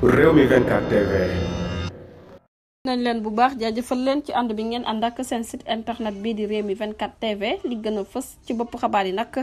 pour Rewmi 24 TV nañ leen bu baax jaajëfal leen ci ànd bi ngeen ànd ak seen site internet bii di Rewmi mi TV li gën a fës ci bopp xabaar yi nag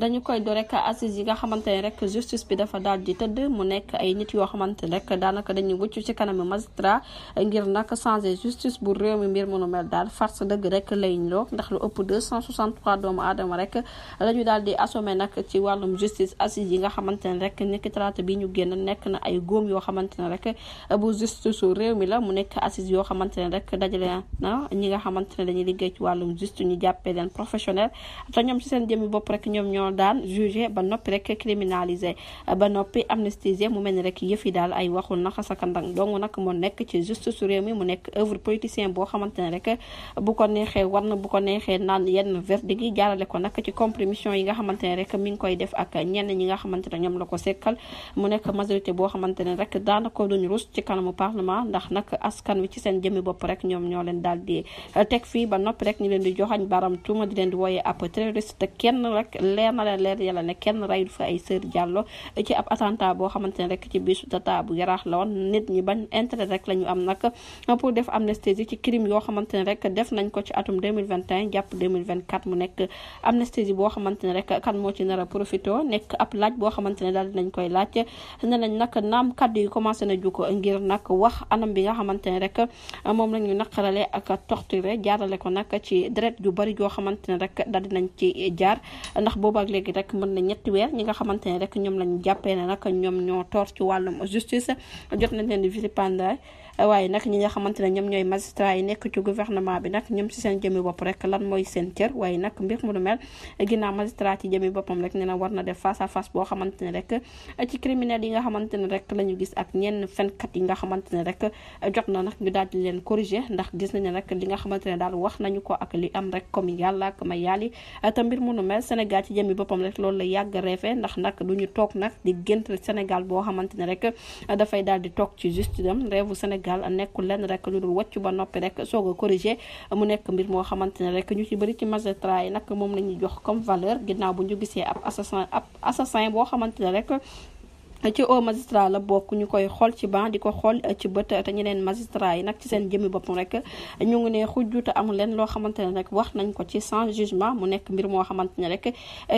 dañu koy do rek assises yi nga xamante ne rek justice bi dafa daal di tëdd mu nekk ay nit yoo xamante ne rek daanaka dañuy wëccu ci kanamu magistrat ngir nag changer justice bu réew mi mbir mënu mel daal farce dëgg rek lay ñoo ndax lu ëpp 263 doomu aadama rek la daal di assommé nag ci wàllum justice assises yi nga xamante ne rek niki talaata bi ñu génn nekk na ay góom yoo xamante ne rek bu justice réew mi la mu nekk assises yoo xamante ne rek dajale na ñi nga xamante ne dañuy liggéey ci wàllum juste ñu jàppee leen professionnel te ñoom ci seen jëmmi bopp rek ñoom ñoo daan jugé ba noppi rek criminalisé ba noppi amnistisé mu mel ni rek yëf yi daal ay waxul naxa sakandang dong nag moo nekk ci juste su réew mi mu nekk politicien boo xamante rek bu ko na bu ko neexee naan yenn verdict yi jaarale ko nag ci compromission yi nga xamante rek mi ngi koy def ak ñenn ñi nga xamante ne ñoom la ko sekkal mu nekk majorité boo xamante ne rek daanaka duñu rus ci kanamu parlement tamit ci seen jëmmi bopp rek ñoom ñoo leen daal di eh, teg fii ba noppi rek ñu leen di joxañ baram tuuma di leen di wooyee ab terroriste kenn rek leen leer eh, boo xamante ne ci bisu data bu yaraax nit ñi bañ intérêt rek la am nag eh, pour def amnistie ci crime yoo xamante ne def nañ ko ci atum 2021 jàpp 2024 mu nekk amnistie boo xamante ne kan moo ci nar a nekk ab laaj boo xamante daal nañ nag a moom la ñu naqarale ak torturé jaarale ko nag ci deret yu bari yoo xamante ne rek daal dinañ ci jaar ndax boobu ak léegi rek mën na ñetti weer ñi nga xamante ne rek ñoom lañ jàppee ne nag ñoom ñoo toor ci wàllum justice jot nañ leen di vilipender waaye nag ñi nga xamante ne ñoom ñooy magistrat yi nekk ci gouvernement bi nag ñoom si seen jëmi bopp rek lan mooy seen cër waaye nag mbir mu nu mel ginnaaw magistrat ci jëmi boppam rek nee na war na def face à face boo xamante ne rek ci criminel yi nga xamante ne rek la gis ak ñenn fenkat yi nga xamante ne rek jot na nag ñu daal di leen corriger ndax gis nañu rek li nga xamante ne daal wax nañu ko ak li am rek comme yàlla ak ma yàlli te mbir mu nu mel Sénégal ci jëmmi boppam rek loolu la yàgg reefee ndax nag du ñu toog nag di gént Sénégal boo xamante ne rek dafay daal di toog ci juste dem réewu Sénégal a nekkul lenn rek lu dul wàcc ba noppi rek soog a corriger mu nekk mbir moo xamante ne rek ñu ci bëri ci magistrat yi nag moom la ñuy jox comme valeur ginnaaw bu ñu gisee ab assassin ab assassin boo xamante ne rek ci au magistrat la bokk ñu koy xool ci ban di xool ci bët te ñeneen magistrat yi nag ci seen jëmmi boppam rek ñu ngi ne xujjuta amul leen loo xamante ne rek wax nañ ko ci sans mu nekk mbir moo xamante ne rek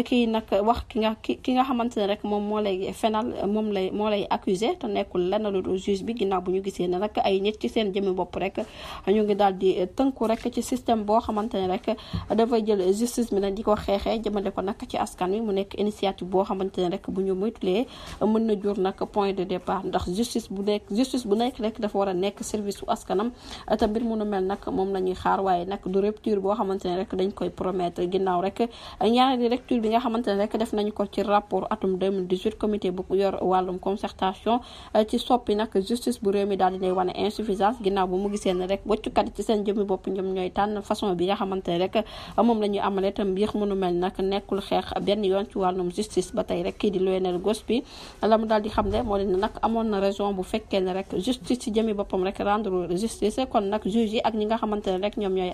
kii nag wax ki nga ki ki nga xamante ne rek moom moo lay fenal moom lay moo lay accusé te nekkul lenn lu dul juge bi ginnaaw bu ñu gisee ne nag ay nit ci seen jëmmi bopp rek ñu ngi daal di tënku rek ci système boo xamante ne rek dafay jël justice mi nag di ko xeexee jëmale ko nag ci askan wi mu nekk initiative boo xamante ne rek bu ñu muytulee mën na jur nag point de départ ndax justice bu nekk justice rek dafa war a nekk service su askanam te mbir mu nu mel nag moom la ñuy xaar waaye nag du rupture boo xamante ne rek dañ koy promettre ginnaaw rek ñaareelu rupture bi nga xamante ne rek def nañu ko ci rapport atum 2018 comité bu yor wàllum concertation ci soppi nag justice bu réew mi daal dinay wane insuffisance ginnaaw bu mu gisee ne rek wëccukat yi ci seen jëmmi bopp ñoom ñooy tànn façon bi nga xamante ne rek moom la ñuy amalee tam mbir mu nu mel nag nekkul xeex benn yoon ci wàllum justice ba tey rek kii di Lionel Gospy la mu daal di xam ne moo leen nag amoon na raison bu fekkee ne rek justice ci jëmi boppam rek rendre justice kon nag juge yi ak ñi nga xamante ne rek ñoom ñooy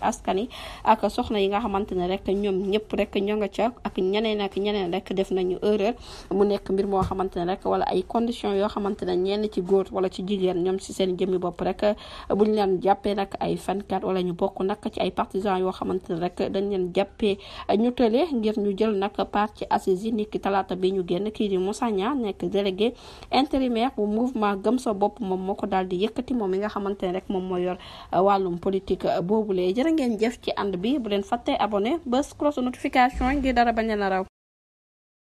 rek ñoom ñëpp rek ñoo nga ca ak ñeneen ak ñeneen rek mu nekk mbir moo xamante ne rek wala ay conditions yoo xamante ne ñenn ci góor wala ci jigéen ñoom si seen jëmi bopp rek buñ leen jàppee nag ay fankat wala ñu bokk nak ci ay partisans yoo xamante ne rek dañ leen jàppee ñu tële ngir ñu jël nag part ci assises yi niki talaata bi ñu génn kii di nekk délégué délégué intérimaire bu mouvement gëm sa bopp moom moo ko daal di yëkkati moom mi nga xamante ne rek moom moo yor euh, wàllum politique euh, boobu lee jërë ngeen jëf ci and bi bu leen fàttee abonné bés cloche notification ngir dara bañ a raw